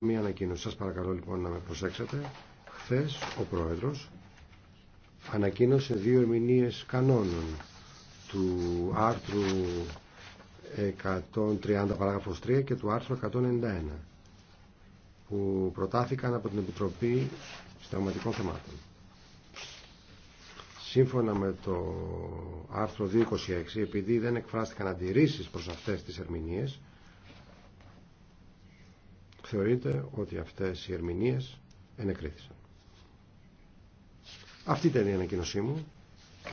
Μία ανακοίνωση. Σας παρακαλώ λοιπόν να με προσέξετε. Χθες ο Πρόεδρος ανακοίνωσε δύο ερμηνείες κανόνων του άρθρου 130 παράγραφος 3 και του άρθρου 191 που προτάθηκαν από την Επιτροπή Συνταγματικών Θεμάτων. Σύμφωνα με το άρθρο 226, επειδή δεν εκφράστηκαν αντιρρήσεις προς αυτές τις ερμηνείες, θεωρείται ότι αυτές οι ερμηνείες ενεκρίθησαν. Αυτή ήταν η ανακοίνωσή μου.